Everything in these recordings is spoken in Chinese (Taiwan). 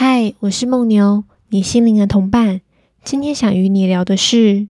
嗨，我是夢牛，你心靈的同伴。今天想與你聊的是。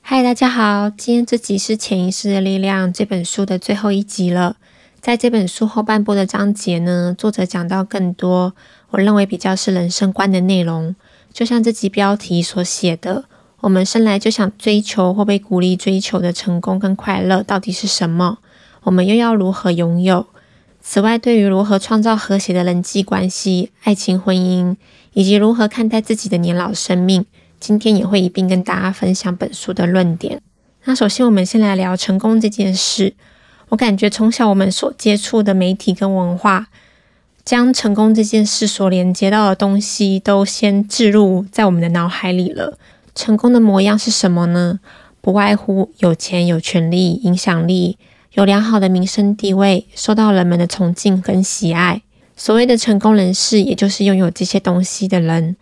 嗨，Hi, 大家好，今天這集是《潛意識的力量》這本書的最後一集了。在這本書後半部的章節呢，作者講到更多。我認為比較是人生觀的內容，就像這集標題所寫的，我們生來就想追求或被鼓勵追求的成功跟快樂到底是什麼？我們又要如何擁有？此外，對於如何創造和諧的人際關係、愛情、婚姻，以及如何看待自己的年老生命，今天也會一併跟大家分享本書的論點。那首先，我們先來聊成功這件事。我感覺從小我們所接觸的媒體跟文化。將成功這件事所連接到的東西都先置入在我們的腦海裡了。成功的模樣是什麼呢？不外乎有錢、有權力、影響力、有良好的名聲地位，受到人們的崇敬跟喜愛。所謂的成功人士，也就是擁有這些東西的人。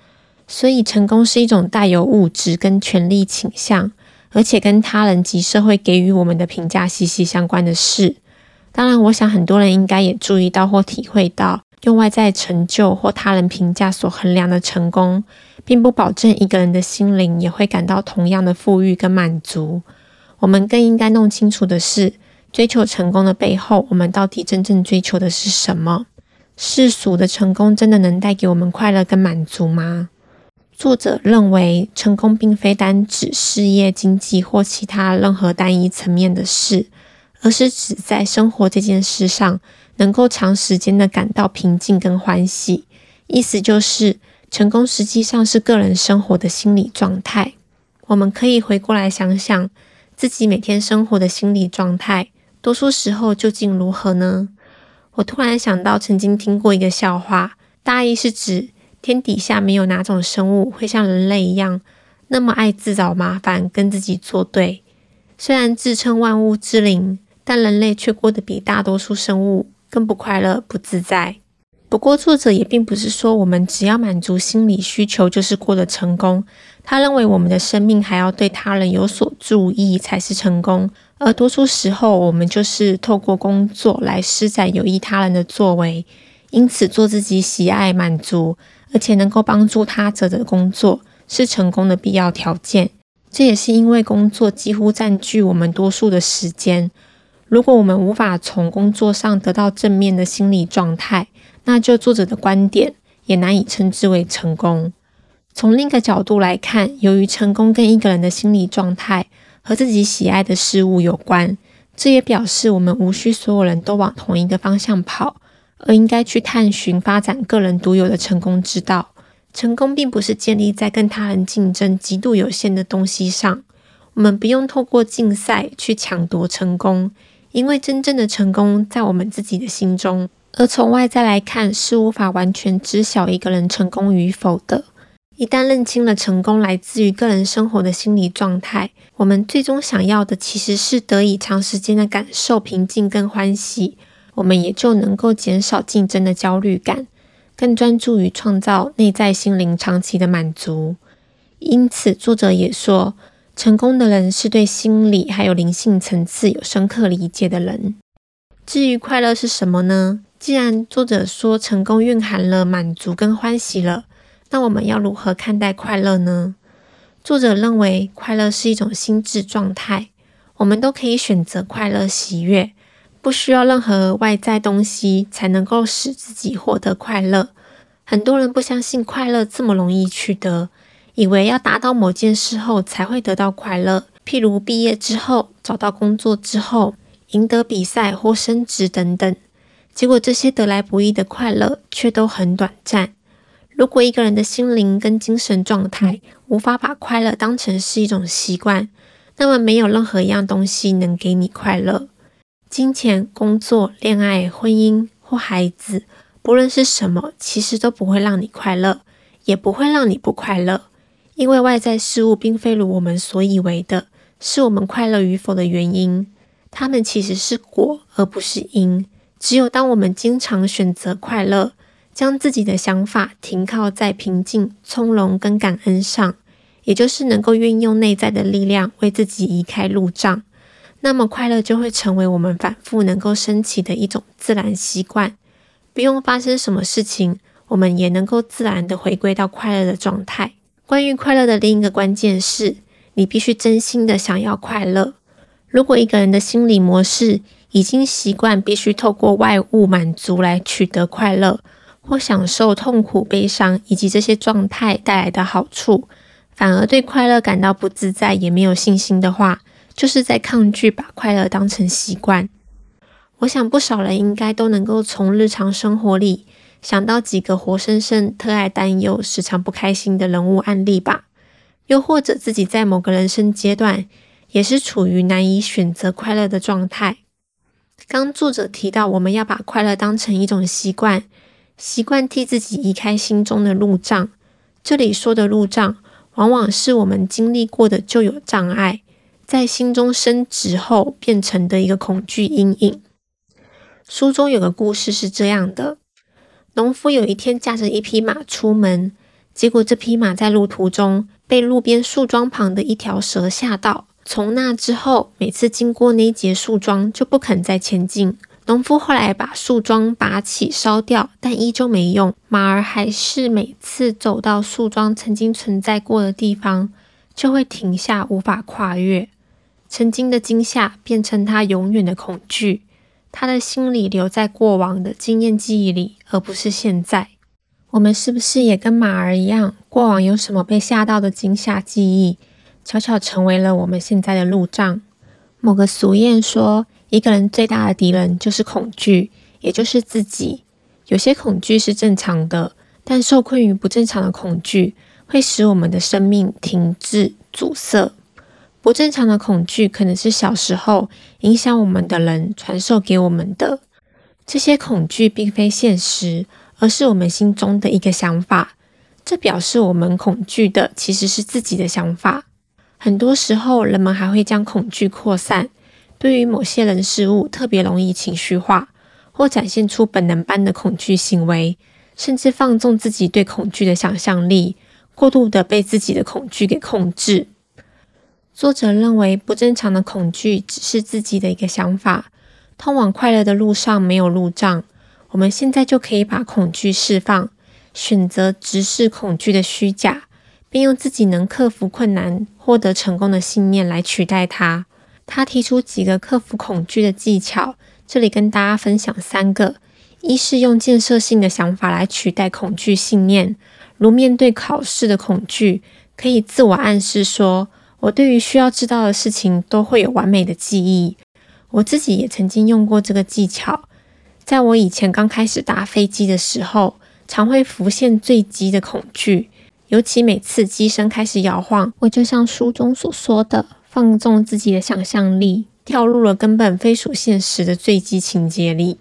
所以，成功是一種帶有物質跟權力傾向，而且跟他人及社會給予我們的評價息息相關的事。當然，我想很多人應該也注意到或體會到。用外在成就或他人評價所衡量的成功，並不保證一個人的心靈也會感到同樣的富裕跟滿足。我們更應該弄清楚的是，追求成功的背後，我們到底真正追求的是什麼？世俗的成功真的能帶給我們快樂跟滿足嗎？作者認為，成功並非單指事業、經濟或其他任何單一層面的事，而是指在生活這件事上。能夠長時間的感到平靜跟歡喜，意思就是成功實際上是個人生活的心理狀態。我們可以回過來想想自己每天生活的心理狀態，多數時候究竟如何呢？我突然想到曾經聽過一個笑話，大意是指天底下沒有哪種生物會像人類一樣那麼愛自找麻煩跟自己作對。雖然自稱萬物之靈，但人類卻過得比大多數生物，更不快樂、不自在。不過，作者也並不是說我們只要滿足心理需求就是過得成功。他認為，我們的生命還要對他人有所注意才是成功。而多數時候，我們就是透過工作來施展有益他人的作為。因此，做自己喜愛、滿足而且能夠幫助他者的工作，是成功的必要條件。這也是因為工作幾乎佔據我們多數的時間。如果我們無法從工作上得到正面的心理狀態，那就作者的觀點也難以稱之為成功。從另一個角度來看，由於成功跟一個人的心理狀態和自己喜愛的事物有關，這也表示我們無需所有人都往同一個方向跑，而應該去探尋發展個人獨有的成功之道。成功並不是建立在跟他人競爭極度有限的東西上，我們不用透過競賽去搶奪成功。因為真正的成功在我們自己的心中，而從外在來看是無法完全知曉一個人成功與否的。一旦認清了成功來自於個人生活的心理狀態，我們最終想要的其實是得以長時間的感受平靜跟歡喜，我們也就能夠減少競爭的焦慮感，更專注於創造內在心靈長期的滿足。因此，作者也說，成功的人是對心理還有靈性層次有深刻理解的人。至於快樂是什麼呢？既然作者說成功蘊含了滿足跟歡喜了，那我們要如何看待快樂呢？作者認為快樂是一種心智狀態，我們都可以選擇快樂喜悅，不需要任何外在東西才能夠使自己獲得快樂。很多人不相信快樂這麼容易取得。以為要達到某件事後才會得到快樂，譬如畢業之後、找到工作之後、贏得比賽或升職等等。結果這些得來不易的快樂卻都很短暫。如果一個人的心靈跟精神狀態無法把快樂當成是一種習慣，那麼沒有任何一樣東西能給你快樂。金錢、工作、戀愛、婚姻或孩子，不論是什麼，其實都不會讓你快樂，也不會讓你不快樂。因為外在事物並非如我們所以為的，是我們快樂與否的原因。它們其實是果，而不是因。只有當我們經常選擇快樂，將自己的想法停靠在平靜、從容跟感恩上,也就是能夠運用內在的力量為自己移開路障，那麼快樂就會成為我們反覆能夠升起的一種自然習慣。不用發生什麼事情，我們也能夠自然的回歸到快樂的狀態。關於快樂的另一個關鍵是，你必須真心的想要快樂。如果一個人的心理模式已經習慣必須透過外物滿足來取得快樂，或享受痛苦、悲傷以及這些狀態帶來的好處，反而對快樂感到不自在，也沒有信心的話，就是在抗拒把快樂當成習慣。我想不少人應該都能夠從日常生活裡，想到幾個活生生特愛擔憂、時常不開心的人物案例吧，又或者自己在某個人生階段也是處於難以選擇快樂的狀態。剛作者提到，我們要把快樂當成一種習慣，習慣替自己移開心中的路障。這裡說的路障，往往是我們經歷過的舊有障礙，在心中深植後變成的一個恐懼陰影。書中有個故事是這樣的。農夫有一天駕着一匹馬出門，結果這匹馬在路途中被路邊樹樁旁的一條蛇嚇到。從那之後，每次經過那一截樹樁就不肯再前進。農夫後來把樹樁拔起燒掉，但依舊沒用。馬兒還是每次走到樹樁曾經存在過的地方就會停下，無法跨越。曾經的驚嚇變成他永遠的恐懼。他的心理留在過往的經驗記憶裡，而不是現在。我們是不是也跟馬兒一樣，過往有什麼被嚇到的驚嚇記憶，悄悄成為了我們現在的路障？某個俗諺說，一個人最大的敵人就是恐懼，也就是自己。有些恐懼是正常的，但受困於不正常的恐懼，會使我們的生命停滯阻塞。不正常的恐懼可能是小時候影響我們的人傳授給我們的。這些恐懼並非現實，而是我們心中的一個想法。這表示我們恐懼的其實是自己的想法。很多時候，人們還會將恐懼擴散，對於某些人事物特別容易情緒化，或展現出本能般的恐懼行為，甚至放縱自己對恐懼的想象力，過度的被自己的恐懼給控制。作者認為不正常的恐懼只是自己的一個想法，通往快樂的路上沒有路障，我們現在就可以把恐懼釋放，選擇直視恐懼的虛假，並用自己能克服困難、獲得成功的信念來取代它。他提出幾個克服恐懼的技巧，這裡跟大家分享三個，一是用建設性的想法來取代恐懼信念，如面對考試的恐懼，可以自我暗示說。我對於需要知道的事情都會有完美的記憶。我自己也曾經用過這個技巧。在我以前剛開始搭飛機的時候，常會浮現墜機的恐懼，尤其每次機身開始搖晃，我就像書中所說的，放縱自己的想象力，跳入了根本非屬現實的墜機情節裡。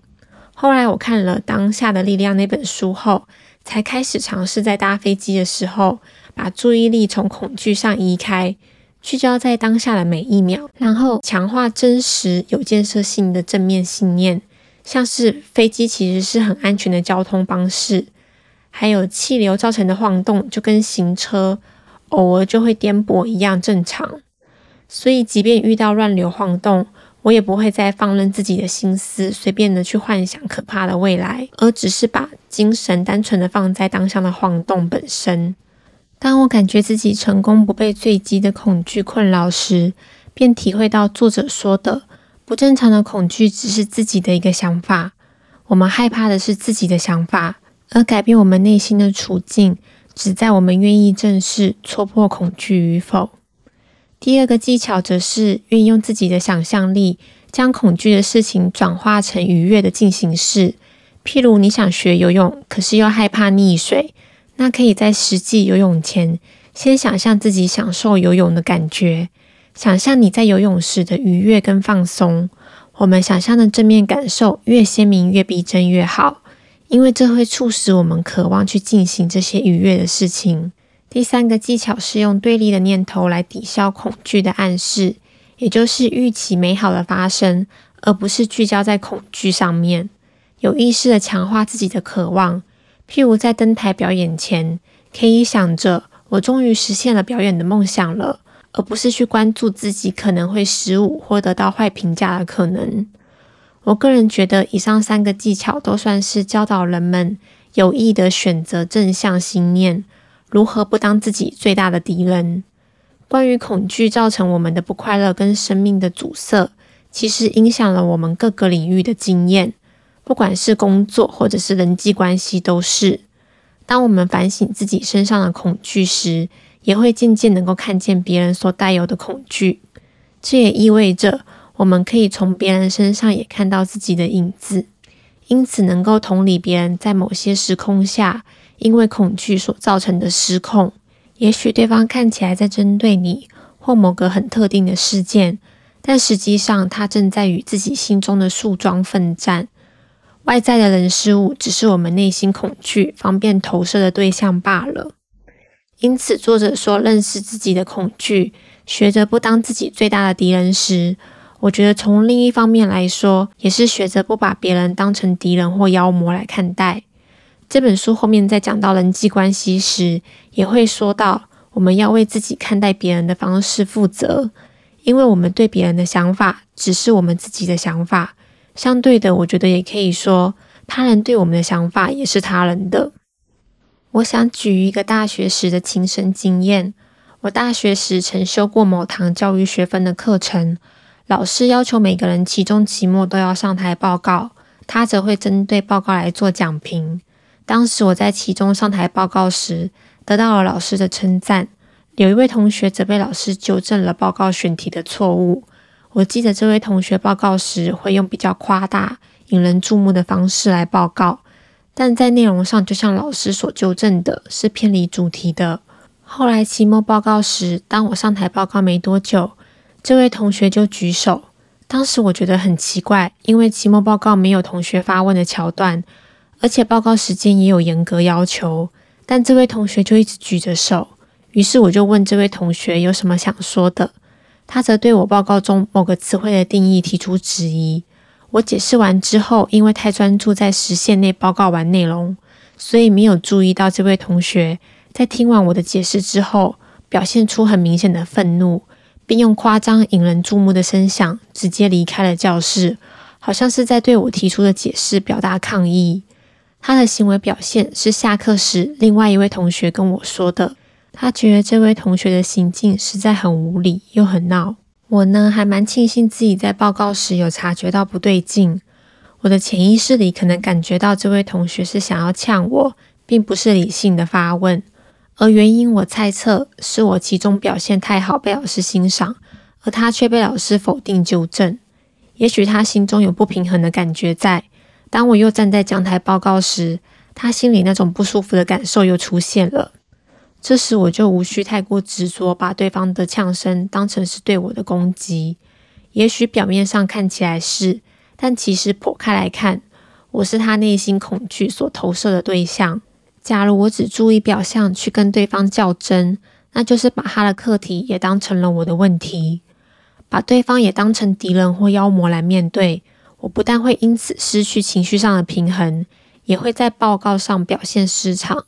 後來我看了《當下的力量》那本書後，才開始嘗試在搭飛機的時候，把注意力從恐懼上移開。聚焦在當下的每一秒，然後強化真實、有建設性的正面信念，像是飛機其實是很安全的交通方式，還有氣流造成的晃動就跟行車偶爾就會顛簸一樣正常。所以，即便遇到亂流晃動，我也不會再放任自己的心思隨便的去幻想可怕的未來，而只是把精神單純的放在當下的晃動本身。當我感覺自己成功不被墜機的恐懼困擾時，便體會到作者說的不正常的恐懼只是自己的一個想法。我們害怕的是自己的想法，而改變我們內心的處境，只在我們願意正視、戳破恐懼與否。第二個技巧則是運用自己的想象力，將恐懼的事情轉化成愉悅的進行式。譬如你想學游泳，可是又害怕溺水。那可以在實際游泳前，先想象自己享受游泳的感覺，想象你在游泳時的愉悅跟放鬆。我們想象的正面感受越鮮明、越逼真越好，因為這會促使我們渴望去進行這些愉悅的事情。第三個技巧是用對立的念頭來抵消恐懼的暗示，也就是預期美好的發生，而不是聚焦在恐懼上面，有意識地強化自己的渴望。譬如在登台表演前，可以想着“我終於實現了表演的夢想了”，而不是去關注自己可能會失誤或得到壞評價的可能。我個人覺得，以上三個技巧都算是教導人們有意的選擇正向信念，如何不當自己最大的敵人。關於恐懼造成我們的不快樂跟生命的阻塞，其實影響了我們各個領域的經驗。不管是工作或者是人際關係，都是當我們反省自己身上的恐懼時，也會漸漸能夠看見別人所帶有的恐懼。這也意味着我們可以從別人身上也看到自己的影子，因此能夠同理別人在某些時空下因為恐懼所造成的失控。也許對方看起來在針對你或某個很特定的事件，但實際上他正在與自己心中的樹樁奮戰。外在的人事物，只是我們內心恐懼，方便投射的對象罷了。因此，作者說，認識自己的恐懼，學着不當自己最大的敵人時，我覺得從另一方面來說，也是學着不把別人當成敵人或妖魔來看待。這本書後面在講到人際關係時，也會說到我們要為自己看待別人的方式負責，因為我們對別人的想法，只是我們自己的想法。相對的，我覺得也可以說，他人對我們的想法也是他人的。我想舉一個大學時的親身經驗：我大學時曾修過某堂教育學分的課程，老師要求每個人期中、期末都要上台報告，他則會針對報告來做講評。當時我在期中上台報告時，得到了老師的稱讚；有一位同學則被老師糾正了報告選題的錯誤。我記得這位同學報告時，會用比較誇大、引人注目的方式來報告，但在內容上，就像老師所糾正的，是偏離主題的。後來期末報告時，當我上台報告沒多久，這位同學就舉手。當時我覺得很奇怪，因為期末報告沒有同學發問的橋段，而且報告時間也有嚴格要求，但這位同學就一直舉着手。於是我就問這位同學有什麼想說的。他則對我報告中某個詞彙的定義提出質疑。我解釋完之後，因為太專注在時限內報告完內容，所以沒有注意到這位同學在聽完我的解釋之後，表現出很明顯的憤怒，並用誇張、引人注目的聲響直接離開了教室，好像是在對我提出的解釋表達抗議。他的行為表現是下課時另外一位同學跟我說的。他覺得這位同學的行徑實在很無理，又很鬧。我呢，還蠻慶幸自己在報告時有察覺到不對勁。我的潛意識裡可能感覺到這位同學是想要嗆我，並不是理性的發問。而原因，我猜測是我其中表現太好，被老師欣賞，而他卻被老師否定糾正。也許他心中有不平衡的感覺在。當我又站在講台報告時，他心裡那種不舒服的感受又出現了。這時我就無需太過執着，把對方的嗆聲當成是對我的攻擊。也許表面上看起來是，但其實剖開來看，我是他內心恐懼所投射的對象。假如我只注意表象去跟對方較真，那就是把他的課題也當成了我的問題，把對方也當成敵人或妖魔來面對。我不但會因此失去情緒上的平衡，也會在報告上表現失常。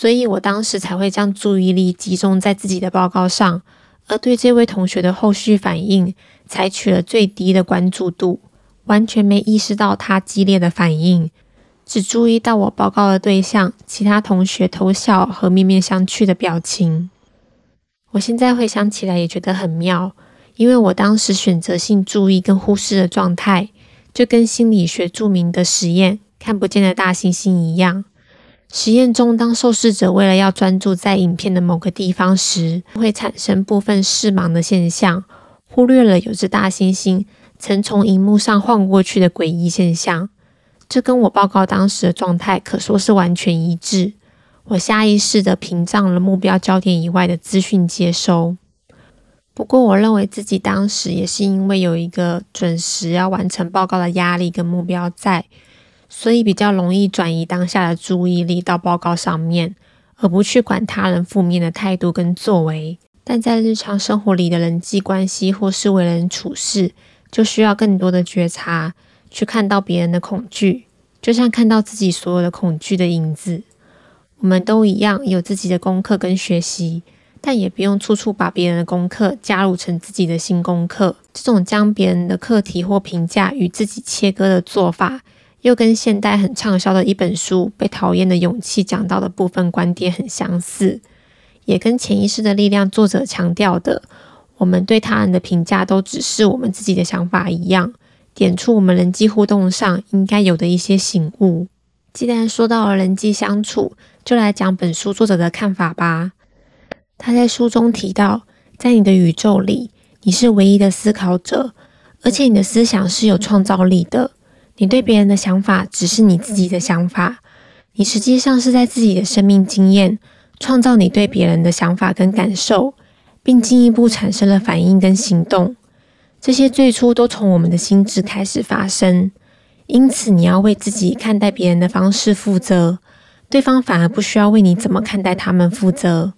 所以我當時才會將注意力集中在自己的報告上，而對這位同學的後續反應採取了最低的關注度，完全沒意識到他激烈的反應，只注意到我報告的對象，其他同學偷笑和面面相覷的表情。我現在回想起來也覺得很妙，因為我當時選擇性注意跟忽視的狀態，就跟心理學著名的實驗“看不見的大猩猩”一樣。實驗中，當受試者為了要專注在影片的某個地方時，會產生部分視盲的現象，忽略了有隻大猩猩曾從熒幕上晃過去的詭異現象。這跟我報告當時的狀態可說是完全一致。我下意識地屏障了目標焦點以外的資訊接收。不過，我認為自己當時也是因為有一個準時要完成報告的壓力跟目標在。所以比較容易轉移當下的注意力到報告上面，而不去管他人負面的態度跟作為。但在日常生活裡的人際關係或是為人處事，就需要更多的覺察，去看到別人的恐懼，就像看到自己所有的恐懼的影子。我們都一樣有自己的功課跟學習，但也不用處處把別人的功課加入成自己的新功課。這種將別人的課題或評價與自己切割的做法，又跟現代很暢銷的一本書《被討厭的勇氣》講到的部分觀點很相似，也跟《潛意識的力量》作者強調的我們對他人的評價都只是我們自己的想法一樣，點出我們人際互動上應該有的一些醒悟。既然說到了人際相處，就來講本書作者的看法吧。他在書中提到，在你的宇宙裡，你是唯一的思考者，而且你的思想是有創造力的。你對別人的想法只是你自己的想法，你實際上是在自己的生命經驗創造你對別人的想法跟感受，並進一步產生了反應跟行動。這些最初都從我們的心智開始發生，因此你要為自己看待別人的方式負責，對方反而不需要為你怎麼看待他們負責。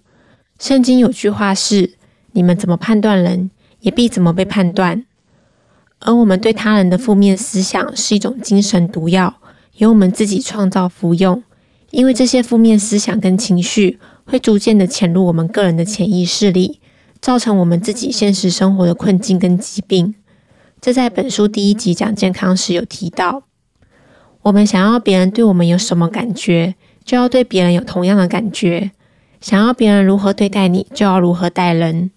聖經有句話是：“你們怎麼判斷人，也必怎麼被判斷。”而我們對他人的負面思想是一種精神毒藥，由我們自己創造服用。因為這些負面思想跟情緒會逐漸的潛入我們個人的潛意識裡，造成我們自己現實生活的困境跟疾病。這在本書第一集講健康時有提到，我們想要別人對我們有什麼感覺，就要對別人有同樣的感覺；想要別人如何對待你，就要如何待人。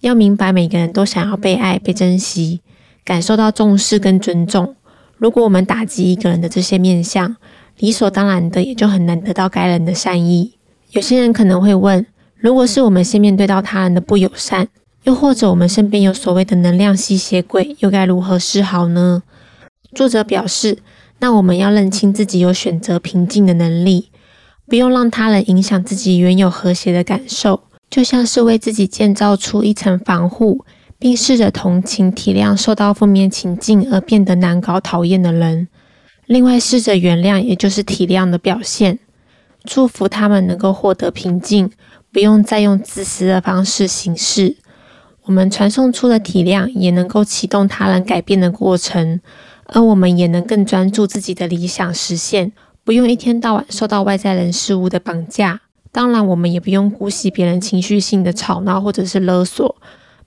要明白，每個人都想要被愛、被珍惜。感受到重視跟尊重。如果我們打擊一個人的這些面向，理所當然的也就很難得到該人的善意。有些人可能會問：如果是我們先面對到他人的不友善，又或者我們身邊有所謂的能量吸血鬼，又該如何是好呢？作者表示：那我們要認清自己有選擇平靜的能力，不用讓他人影響自己原有和諧的感受，就像是為自己建造出一層防護。並試着同情體諒受到負面情境而變得難搞討厭的人，另外試着原諒，也就是體諒的表現。祝福他們能夠獲得平靜，不用再用自私的方式行事。我們傳送出的體諒，也能夠啟動他人改變的過程，而我們也能更專注自己的理想實現，不用一天到晚受到外在人事物的綁架。當然，我們也不用姑息別人情緒性的吵鬧或者是勒索。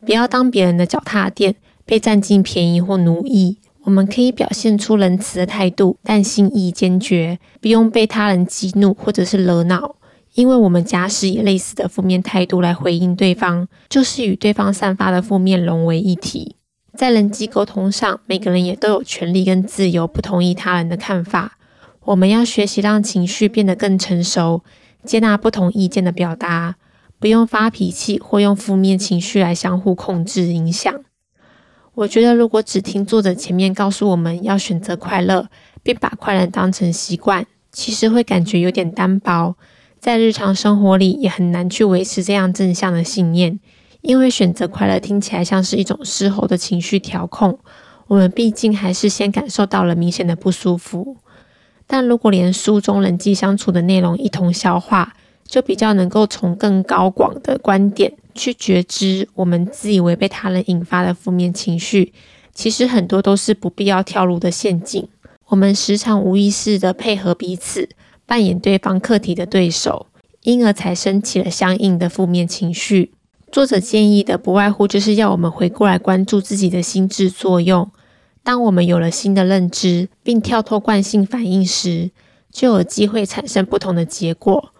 不要當別人的腳踏墊，被佔盡便宜或奴役。我們可以表現出仁慈的態度，但心意堅決，不用被他人激怒或者是惹惱。因為我們假使以類似的負面態度來回應對方，就是與對方散發的負面融為一體。在人際溝通上，每個人也都有權利跟自由不同意他人的看法。我們要學習讓情緒變得更成熟，接納不同意見的表達。不用發脾氣，或用負面情緒來相互控制影響。我覺得，如果只聽作者前面告訴我們要選擇快樂，並把快樂當成習慣，其實會感覺有點單薄，在日常生活裡也很難去維持這樣正向的信念。因為選擇快樂聽起來像是一種事後的情緒調控，我們畢竟還是先感受到了明顯的不舒服。但如果連書中人際相處的內容一同消化，就比較能夠從更高廣的觀點去覺知我們自以為被他人引發的負面情緒，其實很多都是不必要跳入的陷阱。我們時常無意識地配合彼此，扮演對方課題的對手，因而才生起了相應的負面情緒。作者建議的不外乎就是要我們回過來關注自己的心智作用。當我們有了新的認知，並跳脫慣性反應時，就有機會產生不同的結果。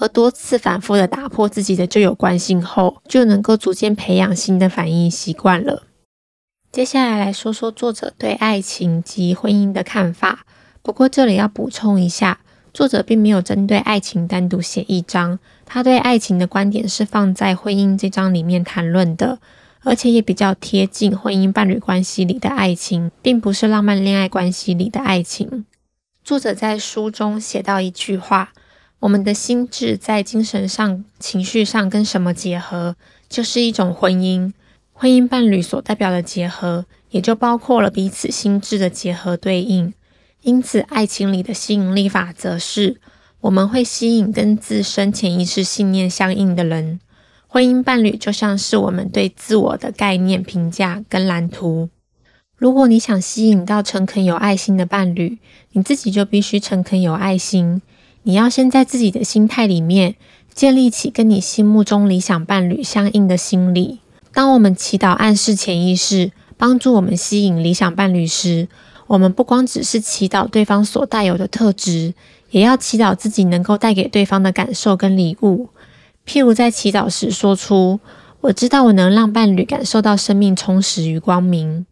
而多次反覆的打破自己的舊有慣性後，就能夠逐漸培養新的反應習慣了。接下來來說說作者對愛情及婚姻的看法。不過這裡要補充一下，作者並沒有針對愛情單獨寫一章，他對愛情的觀點是放在婚姻這章裡面談論的，而且也比較貼近婚姻伴侶關係裡的愛情，並不是浪漫戀愛關係裡的愛情。作者在書中寫到一句話。我們的心智在精神上、情緒上跟什麼結合，就是一種婚姻。婚姻伴侶所代表的結合，也就包括了彼此心智的結合對應。因此，愛情裡的吸引力法則是我們會吸引跟自身潛意識信念相應的人。婚姻伴侶就像是我們對自我的概念、評價跟藍圖。如果你想吸引到誠懇有愛心的伴侶，你自己就必須誠懇有愛心。你要先在自己的心態裡面建立起跟你心目中理想伴侶相應的心理。當我們祈禱暗示潛意識幫助我們吸引理想伴侶時，我們不光只是祈禱對方所帶有的特質，也要祈禱自己能夠帶給對方的感受跟禮物。譬如在祈禱時說出：“我知道我能讓伴侶感受到生命充實與光明。”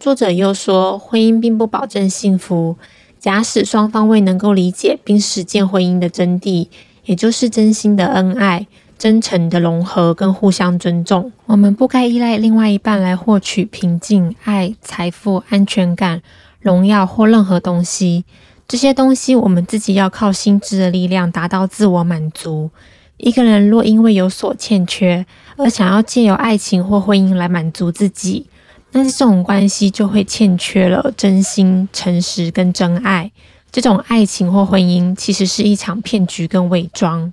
作者又說，婚姻並不保證幸福。假使雙方未能夠理解並實踐婚姻的真諦，也就是真心的恩愛、真誠的融合跟互相尊重，我們不該依賴另外一半來獲取平靜、愛、財富、安全感、榮耀或任何東西。這些東西我們自己要靠心智的力量達到自我滿足。一個人若因為有所欠缺，而想要借由愛情或婚姻來滿足自己，但是這種關係就會欠缺了真心、誠實跟真愛。這種愛情或婚姻其實是一場騙局跟偽裝。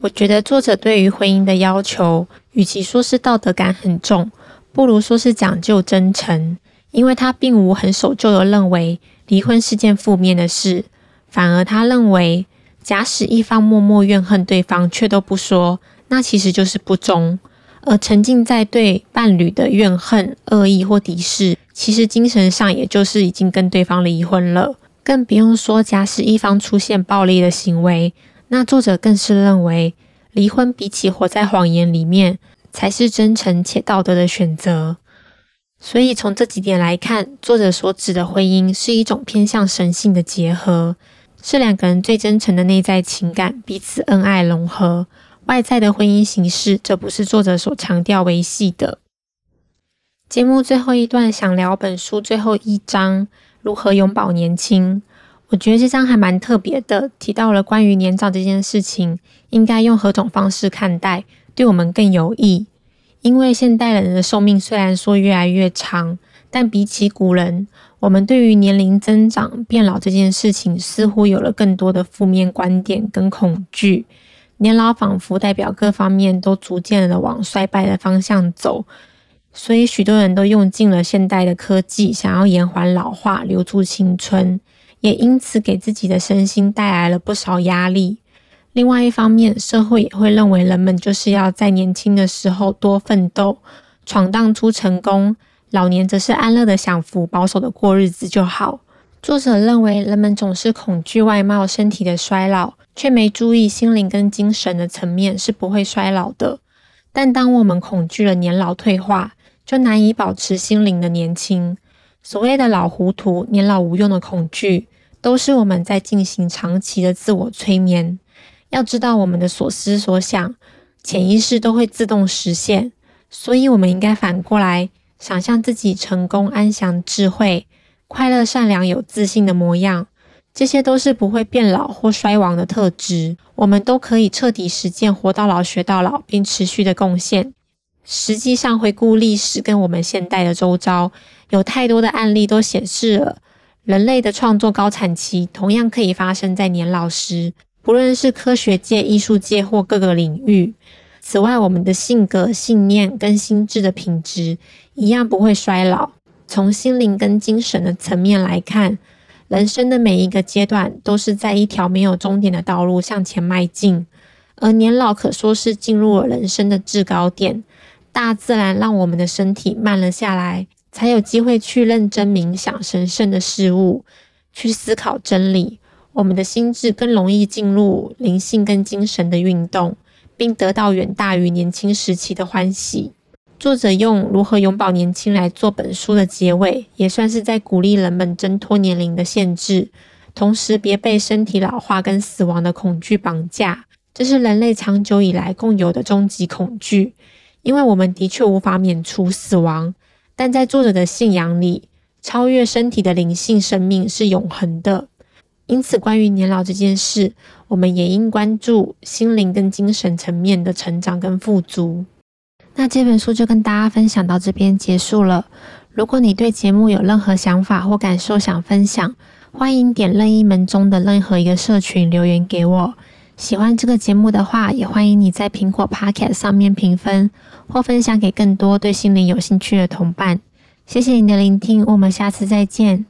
我覺得作者對於婚姻的要求，與其說是道德感很重，不如說是講究真誠。因為他並無很守舊的認為離婚是件負面的事，反而他認為，假使一方默默怨恨對方卻都不說，那其實就是不忠。而沉浸在對伴侶的怨恨、惡意或敵視，其實精神上也就是已經跟對方離婚了，更不用說假使一方出現暴力的行為。那作者更是認為，離婚比起活在謊言裡面，才是真誠且道德的選擇。所以從這幾點來看，作者所指的婚姻是一種偏向神性的結合，是兩個人最真誠的內在情感彼此恩愛融合。外在的婚姻形式，這不是作者所強調維繫的。節目最後一段想聊本書最後一章，如何永保年輕。我覺得這章還蠻特別的，提到了關於年長這件事情，應該用何種方式看待，對我們更有益。因為現代人的壽命雖然說越來越長，但比起古人，我們對於年齡增長變老這件事情，似乎有了更多的負面觀點跟恐懼。年老仿佛代表各方面都逐漸的往衰敗的方向走，所以許多人都用盡了現代的科技，想要延緩老化、留住青春，也因此給自己的身心帶來了不少壓力。另外一方面，社會也會認為人們就是要在年輕的時候多奮鬥、闖蕩出成功，老年則是安樂的享福、保守的過日子就好。作者認為，人們總是恐懼外貌、身體的衰老，卻沒注意心靈跟精神的層面是不會衰老的。但當我們恐懼了年老退化，就難以保持心靈的年輕。所謂的老糊塗、年老無用的恐懼，都是我們在進行長期的自我催眠。要知道，我們的所思所想，潛意識都會自動實現。所以，我們應該反過來想象自己成功、安詳、智慧。快樂、善良、有自信的模樣，這些都是不會變老或衰亡的特質。我們都可以徹底實踐“活到老，學到老”，並持續的貢獻。實際上，回顧歷史跟我們現代的周遭，有太多的案例都顯示了人類的創作高產期同樣可以發生在年老時，不論是科學界、藝術界或各個領域。此外，我們的性格、信念跟心智的品質，一樣不會衰老。從心靈跟精神的層面來看，人生的每一個階段都是在一條沒有終點的道路向前邁進，而年老可說是進入了人生的制高點。大自然讓我們的身體慢了下來，才有機會去認真冥想神聖的事物，去思考真理。我們的心智更容易進入靈性跟精神的運動，並得到遠大於年輕時期的歡喜。作者用如何永保年輕來做本書的結尾，也算是在鼓勵人們掙脫年齡的限制，同時別被身體老化跟死亡的恐懼綁架。這是人類長久以來共有的終極恐懼，因為我們的確無法免除死亡。但在作者的信仰裡，超越身體的靈性生命是永恆的。因此，關於年老這件事，我們也應關注心靈跟精神層面的成長跟富足。那這本書就跟大家分享到這邊結束了。如果你對節目有任何想法或感受想分享，歡迎點任意門中的任何一個社群留言給我。喜歡這個節目的話，也歡迎你在蘋果 Podcast 上面評分或分享給更多對心靈有興趣的同伴。謝謝你的聆聽，我們下次再見。